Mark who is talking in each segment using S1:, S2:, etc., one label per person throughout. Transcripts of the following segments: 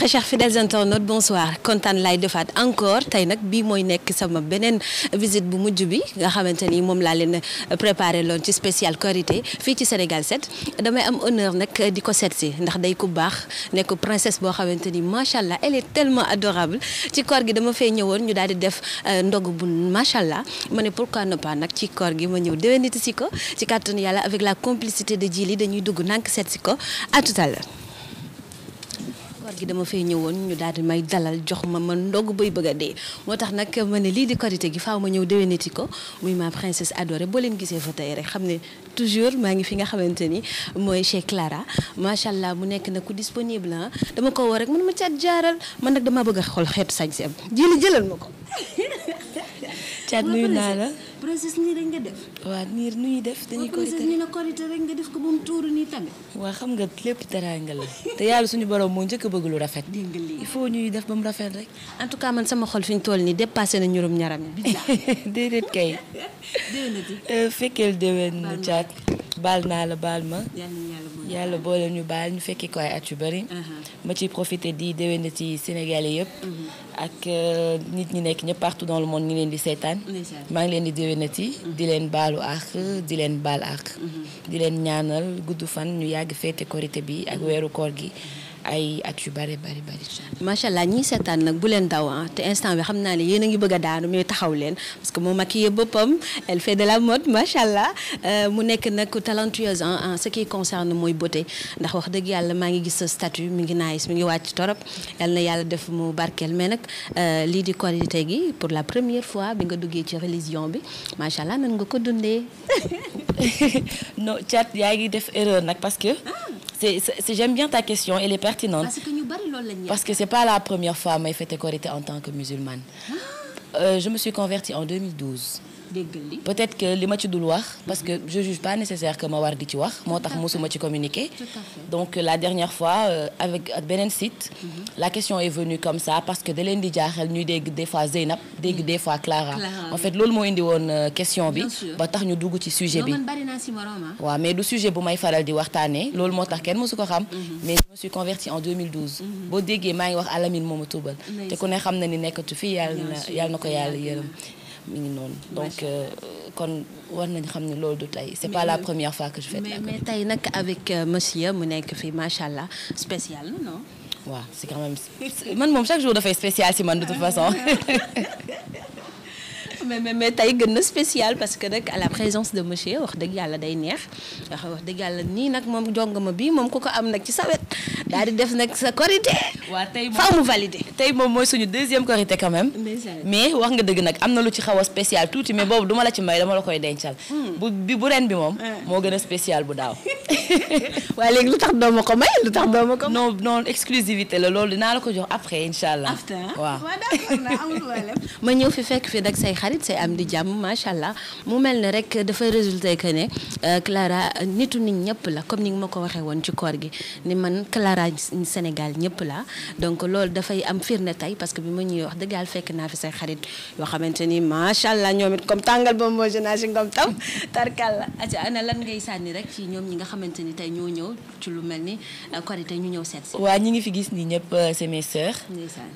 S1: très chers fidèles internautes bonsoir kontaan lay defaat encore tey nag bii mooy nekk sama beneen visite bu mujj bi nga xamante ni moom laa leen préparé loon ci spécial Korité fii ci Sénégal set damay am honneur nag di ko seet si ndax day ku baax nekk princesse boo xamante ni macha allah elle est tellement adorable ci koor gi dama fee ñëwoon ñu daal di def euh, ndogu bu macha allah ma ne pourquoi ne pas nag ci koor gi ma ñëw déwéniti si ko ci kàttanu yàlla avec la complicité de Djily dañuy dugg nànk seet si ko à gi dama fay ñëwoon ñu daal di may dalal jox ma ma ndog bay bëgg a dee moo tax nag ma ne lii di korité gi faaw ma ñëw déwénati ko muy ma princesse adorée boo leen gisee fa tey rek xam ne toujours maa ngi fi nga xamante ni mooy chez Clara macha allah mu nekk na ku disponible ah dama ko war rek man ma caat jaaral man nag dama bëgg xool xeetu sañ si am jëli jëlal ma ko caat nuyu naa la Brésil nii rek nga def.
S2: waaw nii nu ñuy def dañuy. korité nii rek nga def ko moom tuuru nii tamit. waaw xam nga lépp teraanga la te yàlla suñu boroom moo njëkk
S1: a bëgg lu rafet. il faut ñuy def ba mu rafet rek. en tout cas man sama xol fi ñu toll nii dépassé na ñurum
S2: ñaram yi. déedéet kay. déedéet. Euh, fekkeel déwén caat baal naa la baal ma. yàlla boole ñu baal ñu fekki ko ay at yu bëri. Uh-huh. ma ciy profité di déwén ci Sénégalais yëpp. Uh-huh. ak euh, nit ñi nekk ñëpp partout dans le monde ñu leen di seetaan. maa ngi leen di déwénati di leen baalu àq di leen baal ak uh-huh. di leen ñaanal gudd fan ñu yàgg feete korité bi ak weeru koor gi. ay at yu bari bari bari. macha allah ñii seetaan
S1: nag bu leen daw ah te instant bi xam naa ne yéen a ngi bëgg a daanu mais taxaw leen parce que moo maquillé boppam elle fait de la mode macha euh, mu nekk nag talentueuse ah, en ce qui concerne mooy beauté ndax wax dëgg yàlla maa ngi gis sa statut mi ngi nice mi ngi wàcc torop yal na yàlla def mu barkeel mais nag euh, lii di korité gi pour la première fois bi
S2: nga duggee ci religion bi macha allah nan nga ko dundee. non Thiat yaa ngi def erreur que. Ah. c'est c'est j'aime bien ta question elle est pertinente. parce que
S1: ñu bari loolu lañu parce que c'est pas
S2: la première fois may fêter Korité en tant que musulmane. Ah. Euh, je me suis convertie en 2012. déggal li peut-être que li ma ci dul wax parce que je juge pas nécessaire que ma war di ci wax moo tax mosuma ci communiquer donc la dernière fois euh, avec beneen site mhm. la question est venue comme ça parce que da leen di jaaxal ñuy dégg des fois Zeynab dégg mhm. des fois Clara en fait loolu moo indi woon euh, question bi ba tax ñu dugg ci sujet bi
S1: ah. waaw
S2: mais du sujet bu may faral di waxtaanee loolu moo tax kenn mosu ko xam mhm. mais je me suis convertie en boo déggee maa ngi wax Alamine mooma tuubal te ku xam na ni nekkatu fi yàlla na na ko yàlla yërëm mi ngi noonu donc euh, kon war nañ xam ne loolu du tey c'est pas la première
S1: fois que je fais mais mais tey nag avec euh, monsieur mu nekk fii macha allah spécial la non.
S2: waaw c'est quand même man moom chaque jour dafay spécial si man de toute façon.
S1: mais mais mais tey gën na spécial parce que nag à la présence de monsieur wax dëgg yàlla day neex wax wax dëgg yàlla nii nag moom jongama bi moom ko ko am nag ci sawet wet di def nag sa korité.
S2: waaw tey moom faaw mu validé. tey moom mooy suñu deuxième korité quand même. mais wax nga dëgg nag am na lu ci xaw a spécial tuuti mais boobu duma la ci may dama la koy dencal. Hmm. bu bi bu ren bi moom. Eh. moo gën a spécial bu daaw. waaye léegi lu tax doo ma ko may lu tax doo ma ko may. non non exclusivité la loolu dinaa la ko jox après incha allah. after ah? waaw ma ñëw fi fekk fi
S1: nag say xarit say am di jàmm macha allah mu mel ne rek dafay résulté que ne euh, Clara nitu nit ñëpp la comme ni nga ma ko waxee woon ci koor gi ni man Clara Sénégal ñëpp la donc loolu dafay am firnde tey parce que bi ma ñuy wax dëgg yàlla fekk naa fi say xarit yoo xamante ni macha allah ñoom it comme tàngal ba moo jeunesse comme tam tarkal la. ana lan ngay sànni rek ci ñoom ñi nga xam xamante ni tey ñoo ñëw ci lu mel ni euh, Korité ñu ñëw seet si. ñu
S2: ñi ngi fi gis nii ñëpp euh, c'est mes sœurs.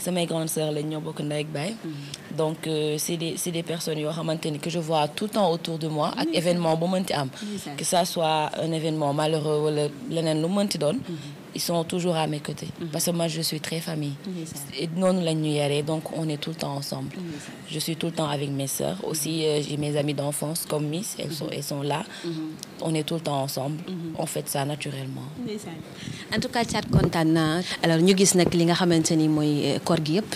S2: samay grandes sœurs lañ ñëw bokk ndey ak baay. Mm-hmm. donc euh, c'est des c'est personnes yoo xamante ni que je vois tout le temps autour de moi ak événement bu mënti am. que ça soit un événement malheureux wala leneen lu mënti doon. Mm-hmm. ils sont toujours à mes côtés. Mhm. parce que moi je suis très famille. Mhm, et noonu la ñu yaree donc on est tout le temps ensemble. Mhm, je suis tout le temps avec mes sœurs aussi euh, j'ai mes amis d'enfance comme Miss elles sont là. on est tout le temps ensemble. on fait ça naturellement. tout cas Thiat kontaan naa
S1: alors ñu gis nag li nga xamante ni mooy euh, koor gi yëpp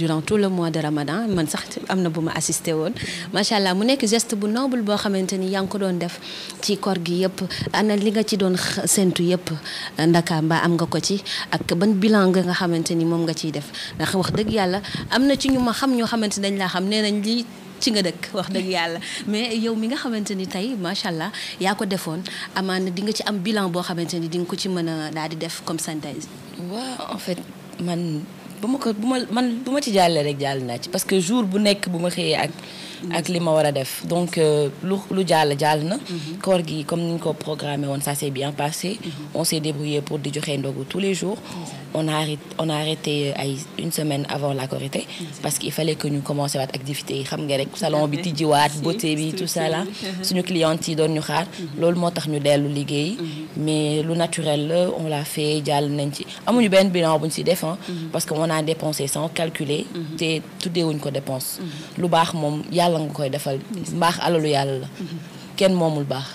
S1: durant tout le mois de Ramadan man sax am na bu ma assisté woon macha allah mu nekk geste bu noble boo xamante ni yaa ngi ko doon def ci koor gi yëpp ana li nga ci doon séntu yëpp résultat am nga ko ci ak ban bilan nga nga xamante ni moom nga ciy def ndax wax dëgg yàlla am na ci ñu ma xam ñoo xamante dañ laa xam nee nañ lii ci nga dëkk wax dëgg yàlla mais yow mi nga xamante ni tey macha allah yaa ko defoon amaana di nga ci am bilan boo xamante ni di nga ko ci mën a daal di def comme synthèse.
S2: bu ma ko bu ma man bu ma ci jàllee rek jàll naa ci parce que jour bu nekk bu ma xëyee ak ak li ma war a def donc euh, lu lu jàll jàll na mhm. koor gi comme ni ñu ko programmé woon ça s'est bien passé mhm. on s'est débrouillé pour di joxe ndogu tous les jours on a arrêté on euh, a ay une semaine avant la Korité parce que il fallait que ñu commencé waat activité yi xam nga rek salon bi tijjiwaat beauté bi tout sa là suñu clientes yi doon ñu xaar mhm. loolu moo tax ñu dellu liggéey mhm. mais lu naturel la on l'a fait jàll nañ ci amuñu benn bilan buñ si def mhm. parce que on a dépensé sans calculer te tuddeewuñ ko dépense lu baax moom yàlla nga koy defal mbaax alalu yàlla la kenn moomul baax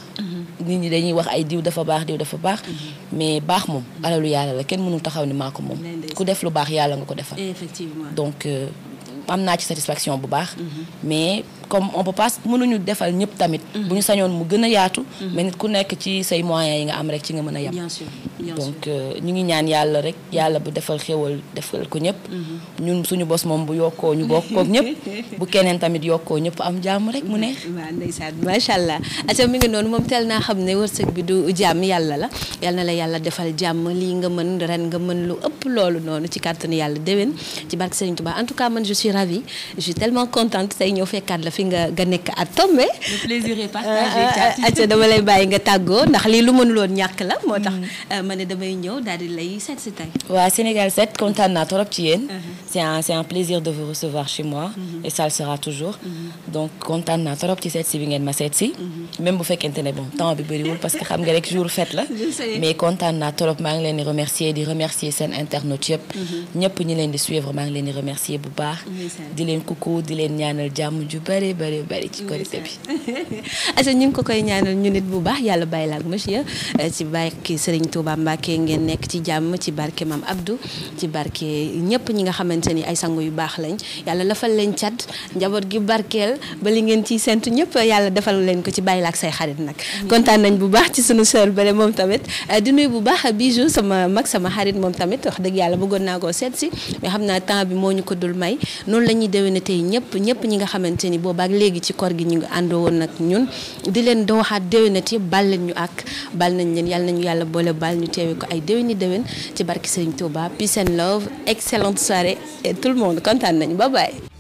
S2: nit ñi dañuy wax ay diw dafa baax diw dafa baax. Mhm. mais baax moom alalu yàlla la kenn mënul taxaw ni maa ko moom. ku def lu baax yàlla nga ko defal. effectivement donc euh, am naa ci satisfaction bu baax. Mhm. mais comme on peut pas mënuñu defal ñëpp tamit. Mhm. bu ñu sañoon mu gën a yaatu. mais nit ku nekk ci say moyens yi nga am rek ci nga mën a yem. donc euh, ñu ngi ñaan yàlla rek yàlla bu defal xéwal defal ko ñëpp mhm. ñun suñu bos moom bu yokkoo ñu bokk kook ñëpp bu keneen tamit yokkoo ñëpp am jàmm rek mu neex
S1: waaw ndeysaan macha allah
S2: aca mi ngi noonu moom teel naa xam ne wërsëg
S1: bi du jàmm yàlla la yàlla defal jàmm lii nga mën ren nga mën lu ëpp loolu noonu ci kàttanu yàlla déwén ci barke Serigne Touba en tout cas man je suis ravie je suis tellement contente tey ñëw fekkaat la fi nga nekk at tombé
S2: le euh, euh, dama lay
S1: bàyyi ma ne damay ñëw daal di lay seet si tey.
S2: waaw Sénégal 7 kontaan naa trop ci yéen. Uh-huh. c'est un c'est un plaisir de vous recevoir chez moi. e ça le sera toujours. Uh-huh. donc kontaan si bi ma seet si. même bu fekkente ne bon temps bi bëriwul parce que xam nga rek jour fête la. mais kontaan naa trop maa ngi leen di remercier di remercier seen internautes yëpp. ñëpp ñi leen di suivre maa ngi leen di remercier bu baax. di leen kuku di leen ñaanal jàmm ju bari bari bari ci korité bi. ñu ngi ko koy ñaanal ñu nit bu
S1: Mbacke ngeen nekk ci jàmm ci barke maam Abdou ci barke ñëpp ñi nga xamante ni ay sangu yu baax lañ yàlla lafal leen cat njaboot gi barkeel ba li ngeen ciy sentu ñëpp yàlla defal leen ko ci bàyyi la ak say xarit nag. kontaan nañ bu baax ci sunu sœur bale moom tamit euh, di nuyu bu baax bijou sama mag sama xarit moom tamit wax dëgg yàlla bëggoon naa koo seet si mais xam naa temps bi moo ñu ko dul may noonu la ñuy déwéne tey ñëpp ñëpp ñi nga xamante ni boobaak léegi ci koor gi ñu ngi àndoo woon nag ñun di leen dooxaat déwénati bal leen ñu ak bal nañ leen yàlla nañu teewee ko ay déwéni déwén ci barki Serigne Touba peace and love excellente soirée et tout le monde kontaan nañu bye bye.